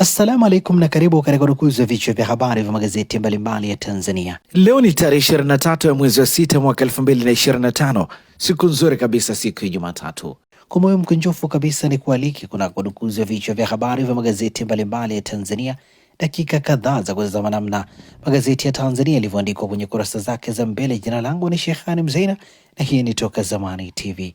Assalamu alaikum na karibu katika udukuzi wa vichwa vya habari vya magazeti mbalimbali ya Tanzania. Leo ni tarehe 23 ya mwezi wa sita mwaka 2025, siku nzuri kabisa, siku ya Jumatatu. Kwa moyo mkunjofu kabisa ni kualiki kuna udukuzi wa vichwa vya habari vya magazeti mbalimbali ya Tanzania, dakika kadhaa za kutazama namna magazeti ya Tanzania yalivyoandikwa kwenye kurasa zake za mbele. Jina langu ni shehani Mzeina na hii ni Toka Zamani TV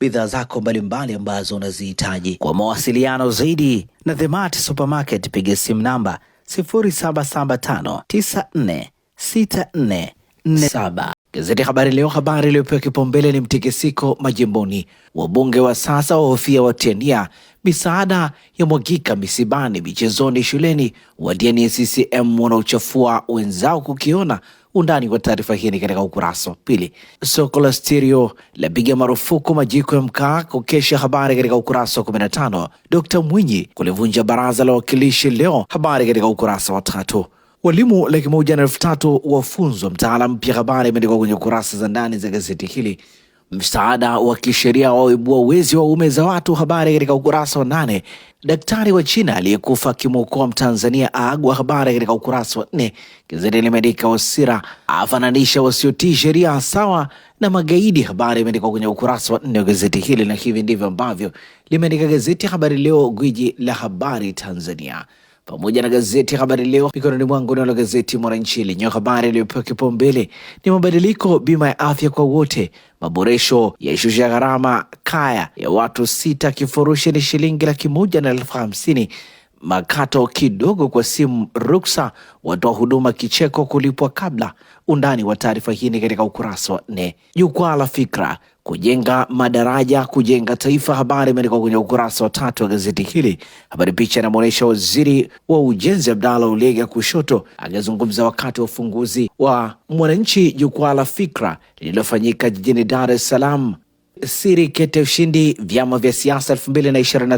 bidhaa zako mbalimbali ambazo unazihitaji. Kwa mawasiliano zaidi na Themart Supermarket piga simu namba 0775946447. Gazeti Habari Leo, habari iliyopewa kipaumbele ni mtikisiko majimboni, wabunge wa sasa wahofia watiania misaada ya mwagika misibani, michezoni, shuleni, wadiani CCM wanaochafua wenzao kukiona Undani wa taarifa hii ni katika ukurasa wa pili. Soko la Stereo lapiga marufuku majiko ya mkaa kukesha, habari katika ukurasa wa 15. Dkt Mwinyi kulivunja baraza la wakilishi leo, habari katika ukurasa wa tatu. Walimu laki moja na elfu tatu wafunzwa mtaala mpya, habari imeandikwa kwenye kurasa za ndani za gazeti hili. Msaada wa kisheria waibua wezi ume za watu. Habari katika ukurasa wa nane. Daktari wa China aliyekufa akimwokoa Mtanzania aagwa. Habari katika ukurasa wa nne. Gazeti limeandika Wasira afananisha wasiotii sheria sawa na magaidi. Habari imeandikwa kwenye ukurasa wa nne wa gazeti hili, na hivi ndivyo ambavyo limeandika gazeti Habari Leo, gwiji la habari Tanzania pamoja na gazeti Habari Leo mikononi mwangu. Nalo gazeti Mwananchi lenye habari iliyopewa kipaumbele ni mabadiliko bima ya afya kwa wote, maboresho ya shusha gharama kaya ya watu sita, kifurushi ni shilingi laki moja na elfu hamsini makato kidogo kwa simu, ruksa watoa huduma kicheko kulipwa kabla. Undani wa taarifa hii ni katika ukurasa wa nne. Jukwaa la fikra kujenga madaraja, kujenga taifa. Habari imeandikwa kwenye ukurasa wa tatu wa gazeti hili. Habari picha inamwonyesha waziri wa ujenzi Abdalla Ulega kushoto akizungumza wakati wa ufunguzi wa Mwananchi jukwaa la fikra lililofanyika jijini Dar es Salaam. Siri kete ushindi vyama vya siasa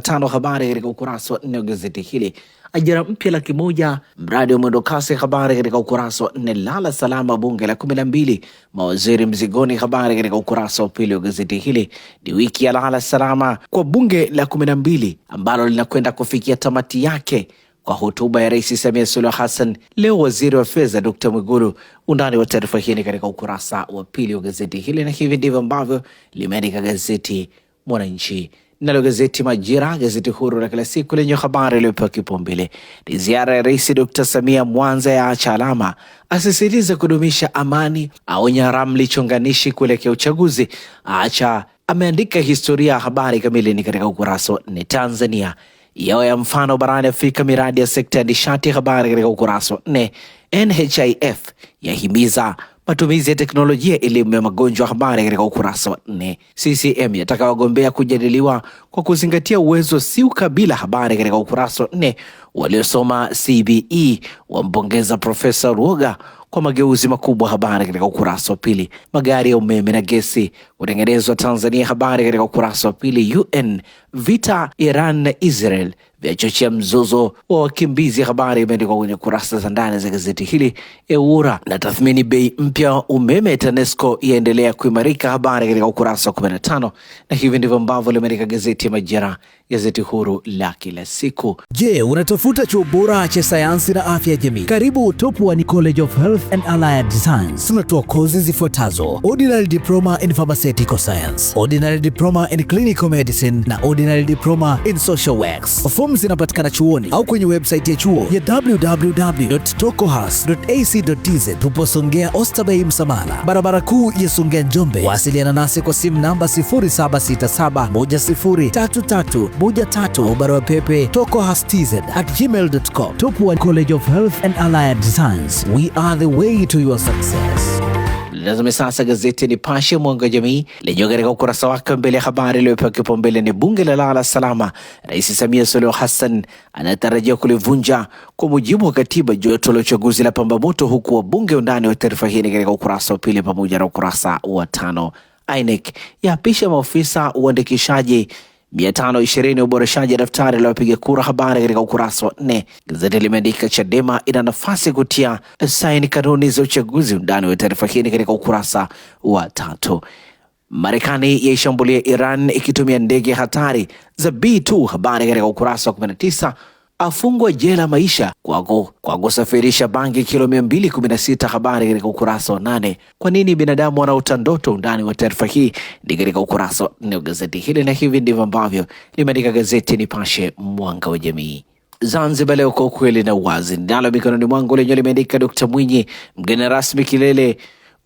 tano. habari katika ukurasa wa nne wa gazeti hili ajira mpya laki moja mradi wa mwendokasi. Habari katika ukurasa wa nne. Lala salama bunge la kumi na mbili mawaziri mzigoni. Habari katika ukurasa wa pili wa gazeti hili. Ni wiki ya lala salama kwa bunge la kumi na mbili ambalo linakwenda kufikia tamati yake kwa hotuba ya Rais Samia Suluhu Hassan leo, waziri wa fedha Dr. Mwigulu. Undani wa taarifa hii ni katika ukurasa wa pili wa gazeti hili, na hivi ndivyo ambavyo limeandika gazeti Mwananchi. Nalo gazeti Majira, gazeti huru la kila siku lenye habari iliyopewa kipaumbele ni ziara ya Rais Dr Samia Mwanza ya acha alama, asisitiza kudumisha amani, aonya ramli chonganishi kuelekea uchaguzi. Acha ameandika historia ya habari kamili ni katika ukurasa wa nne. Tanzania yao ya mfano barani Afrika, miradi ya sekta ya nishati, habari katika ukurasa wa nne. NHIF yahimiza matumizi ya teknolojia elimu ya magonjwa, habari katika ukurasa wa nne. CCM yataka wagombea kujadiliwa kwa kuzingatia uwezo si ukabila, habari katika ukurasa wa nne. Waliosoma CBE wampongeza Profesa Ruoga kwa mageuzi makubwa. Habari katika ukurasa wa pili. Magari ya umeme na gesi kutengenezwa Tanzania. Habari katika ukurasa wa pili. UN vita Iran na Israel vyachochea mzozo wa wakimbizi. Habari imeandikwa kwenye kurasa za ndani za gazeti hili. EWURA na tathmini bei mpya umeme, TANESCO yaendelea kuimarika. Habari katika ukurasa wa 15, na hivi ndivyo ambavyo limeandika gazeti ya Majira gazeti huru la kila siku. Je, unatafuta chuo bora cha sayansi na afya ya jamii? Karibu Top One College of Health and Allied Science. Tunatoa kozi zifuatazo: ordinary diploma in pharmaceutical science, ordinary diploma in clinical medicine na ordinary diploma in social works. Fomu zinapatikana chuoni au kwenye website ya chuo ya www.tokohas.ac.tz. Tupo Songea Oysterbay Msamala, barabara kuu ya Songea Njombe. Wasiliana nasi kwa simu namba 07671033 moja tatu, barua pepe tokohastz at gmail.com. Tupwa College of Health and Allied Science, we are the way to your success. Litazame sasa gazeti Nipashe mwanga wa jamii lenyewe katika ukurasa wake mbele ya habari iliyopewa kipaumbele ni bunge la lala salama. Rais Samia Suluhu Hassan anatarajia kulivunja kwa mujibu wa katiba joto la uchaguzi la pamba moto, huku wabunge undani wa taarifa hii katika ukurasa wa pili pamoja na ukurasa wa tano. INEC yaapisha maofisa uandikishaji 520 ya uboreshaji ya daftari la wapiga kura. Habari katika ukurasa wa nne. Gazeti limeandika Chadema ina nafasi kutia saini kanuni za uchaguzi. Undani wa taarifa hii katika ukurasa wa tatu. Marekani yaishambulia Iran ikitumia ndege hatari za B2. Habari katika ukurasa wa 19 afungwa jela maisha kwa kusafirisha bangi kilo 216. Habari katika ukurasa wa nane. Kwa nini binadamu wanaota ndoto? Undani wa taarifa hii ni katika ukurasa wa nne wa gazeti hili, na hivi ndivyo ambavyo limeandika gazeti Nipashe, mwanga wa jamii. Zanzibar Leo, kwa ukweli na uwazi, ninalo mikononi mwangu lenyewe limeandika Dkt Mwinyi mgeni rasmi kilele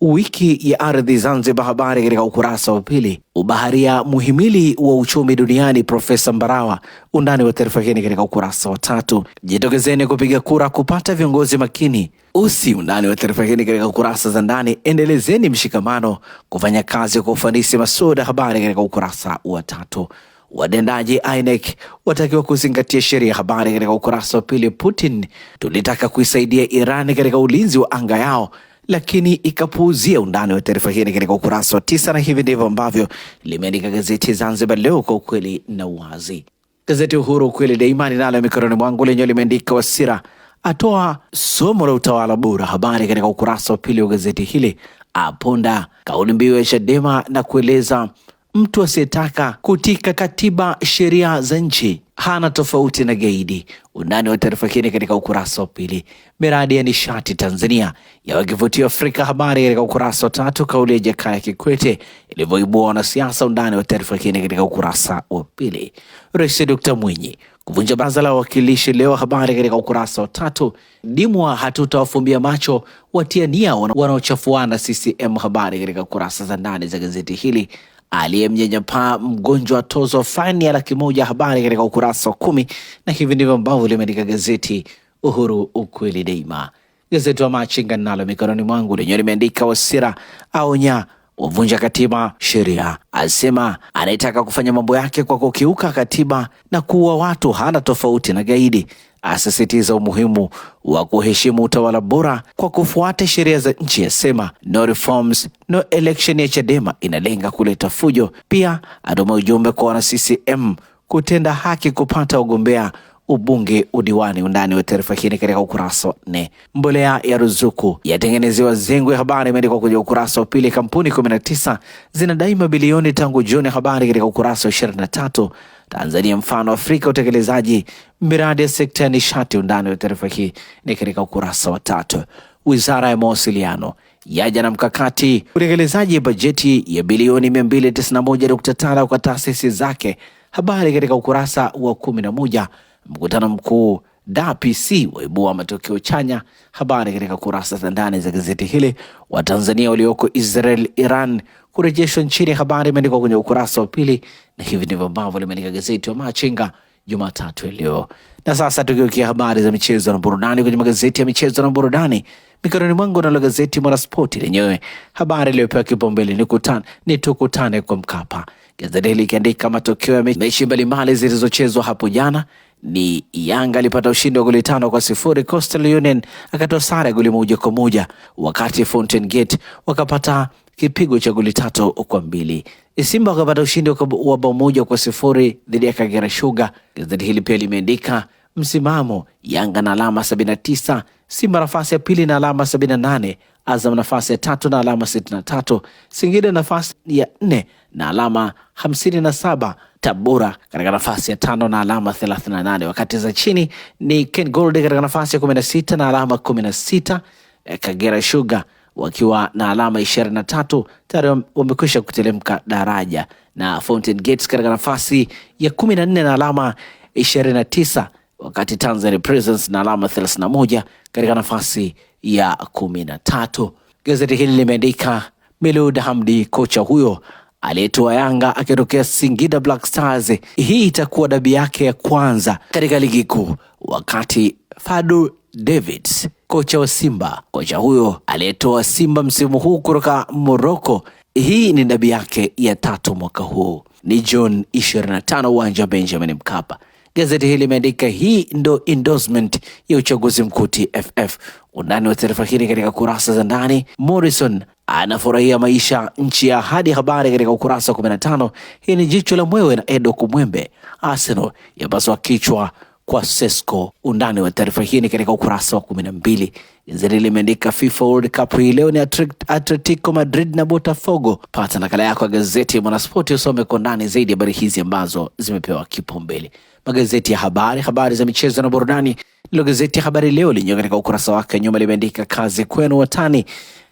Wiki ya Ardhi Zanzibar, habari katika ukurasa wa pili. Ubaharia muhimili wa uchumi duniani, Profesa Mbarawa. Undani wa taarifa hii katika ukurasa wa tatu. Jitokezeni kupiga kura kupata viongozi makini usi. Undani wa taarifa hii katika ukurasa za ndani. Endelezeni mshikamano kufanya kazi kwa ufanisi, masuda Habari katika ukurasa wa tatu. Watendaji INEC watakiwa kuzingatia sheria. Habari katika ukurasa wa pili. Putin, tulitaka kuisaidia Iran katika ulinzi wa anga yao lakini ikapuuzia undani wa taarifa hii katika ukurasa wa tisa, na hivi ndivyo ambavyo limeandika gazeti Zanzibar Leo kwa ukweli na uwazi. Gazeti Uhuru ukweli daima ninalo mikononi mwangu lenyewe limeandika Wasira atoa somo la utawala bora, habari katika ukurasa wa pili wa gazeti hili, aponda kauli mbiu ya Chadema na kueleza Mtu asiyetaka kutika katiba, sheria za nchi hana tofauti na gaidi. Undani wa taarifa hii katika ukurasa wa pili. Miradi ya nishati Tanzania yawe kivutio Afrika, habari katika ukurasa wa tatu. Kauli ya Jakaya Kikwete ilivyoibua wanasiasa. Undani wa taarifa hii katika ukurasa wa pili. Rais Dr Mwinyi kuvunja baraza la wawakilishi leo, habari katika ukurasa wa tatu. Dimwa hatutawafumbia macho watia nia wanaochafuana CCM, habari katika kurasa za ndani za gazeti hili aliyemnyanyapaa mgonjwa tozo fani ya laki moja. Habari katika ukurasa wa kumi, na hivi ndivyo ambavyo limeandika gazeti Uhuru ukweli daima. Gazeti wa Machinga nalo mikononi mwangu lenyewe limeandika Wasira aonya wavunja katiba sheria, asema anayetaka kufanya mambo yake kwa kukiuka katiba na kuua watu hana tofauti na gaidi asisitiza umuhimu wa kuheshimu utawala bora kwa kufuata sheria za nchi, yasema no reforms no election ya Chadema inalenga kuleta fujo. Pia atuma ujumbe kwa wana CCM kutenda haki kupata wagombea ubunge, udiwani. Undani wa taarifa hii katika ukurasa wa nne. Mbolea ya ruzuku yatengenezewa zengwe, habari imeandikwa kwenye ukurasa wa pili. Kampuni 19 zinadai mabilioni tangu Juni, habari katika ukurasa wa 23. Tanzania mfano Afrika, utekelezaji miradi ya sekta ya nishati. Undani wa taarifa hii ni katika ukurasa wa tatu. Wizara ya mawasiliano yaja na mkakati utekelezaji bajeti ya bilioni 291.5 kwa taasisi zake, habari katika ukurasa wa 11. Mkutano mkuu DAPC waibua matokeo chanya. Habari katika kurasa za ndani za gazeti hili. Watanzania walioko Israel, Iran kurejeshwa nchini, habari imeandikwa kwenye ukurasa wa pili, na hivi ndivyo ambavyo limeandika gazeti wa Machinga Jumatatu leo. Na sasa tukiokia habari za michezo na burudani kwenye magazeti ya michezo na burudani mikononi mwangu, nalo gazeti Mwanaspoti lenyewe habari iliyopewa kipaumbele ni kutane, ni tukutane kwa Mkapa. Gazeti hili ikiandika matokeo ya mechi mbalimbali zilizochezwa hapo jana ni Yanga alipata ushindi wa goli tano kwa sifuri. Coastal Union akatoa sare goli moja kwa moja, wakati Fountain Gate wakapata kipigo cha goli tatu kwa mbili. Simba wakapata ushindi wa bao moja kwa sifuri dhidi ya Kagera Sugar. Gazeti hili pia limeandika msimamo, Yanga na alama 79, Simba nafasi ya pili na alama 78, Azam nafasi ya tatu na alama 63, Singida nafasi ya nne na alama 57, Tabora katika nafasi ya tano na alama 38, wakati za chini ni Ken Gold katika nafasi ya 16 na alama 16, eh, Kagera Sugar wakiwa na alama 23 tayari wamekwisha kutelemka daraja, na Fountain Gates katika nafasi ya 14 na alama 29, wakati Tanzania Prisons na alama 31 katika nafasi ya kumi na tatu. Gazeti hili limeandika Miloud Hamdi kocha huyo aliyetoa Yanga akitokea Singida Black Stars. Hii itakuwa dabi yake ya kwanza katika ligi kuu, wakati Fadu Davids, kocha wa Simba, kocha huyo aliyetoa Simba msimu huu kutoka Morocco, hii ni dabi yake ya tatu mwaka huu, ni June 25 uwanja wa Benjamin Mkapa. Gazeti hili limeandika hii ndo endorsement ya uchaguzi mkuu TFF. Undani wa taarifa hili katika kurasa za ndani. Morrison anafurahia maisha nchi ya ahadi, habari katika ukurasa wa 15. Hii ni jicho la mwewe na Edo Kumwembe. Arsenal yapaswa kichwa kwa Sesco. Undani wa taarifa hii ni katika ukurasa wa 12. Gazeti hili limeandika FIFA World Cup hii leo ni Atletico Madrid na Botafogo. Pata nakala yako ya gazeti Mwanaspoti usome kwa ndani zaidi habari hizi ambazo zimepewa kipaumbele magazeti ya habari, habari za michezo na burudani. Ndilo gazeti ya Habari Leo lenyewe katika ukurasa wake nyuma limeandika kazi kwenu watani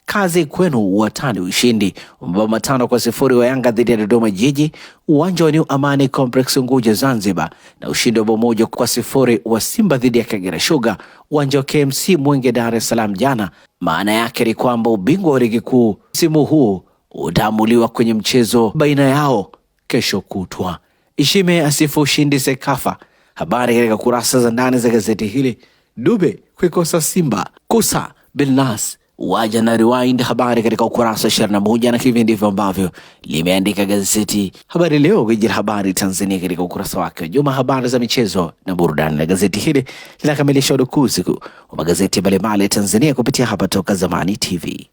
kazi kwenu watani. Ushindi mabao matano kwa sifuri wa Yanga dhidi ya Dodoma Jiji, uwanja wa New Amani Complex Unguja Zanzibar, na ushindi wa bao moja kwa sifuri wa Simba dhidi ya Kagera Sugar, uwanja wa KMC Mwenge, Dar es Salaam jana. Maana yake ni kwamba ubingwa wa ligi kuu msimu huu utaamuliwa kwenye mchezo baina yao kesho kutwa. Ishime asifu ushindi Sekafa. Habari katika kurasa za ndani za gazeti hili. Dube kuikosa Simba, Kusa Bilnas waja na Rewind, habari katika ukurasa wa ishirini na moja na hivi ndivyo ambavyo limeandika gazeti Habari Leo, gwiji la habari Tanzania, katika ukurasa wake wa juma. Habari za michezo na burudani, na gazeti hili linakamilisha udukuzi wa magazeti mbalimbali Tanzania kupitia hapa Toka Zamani TV.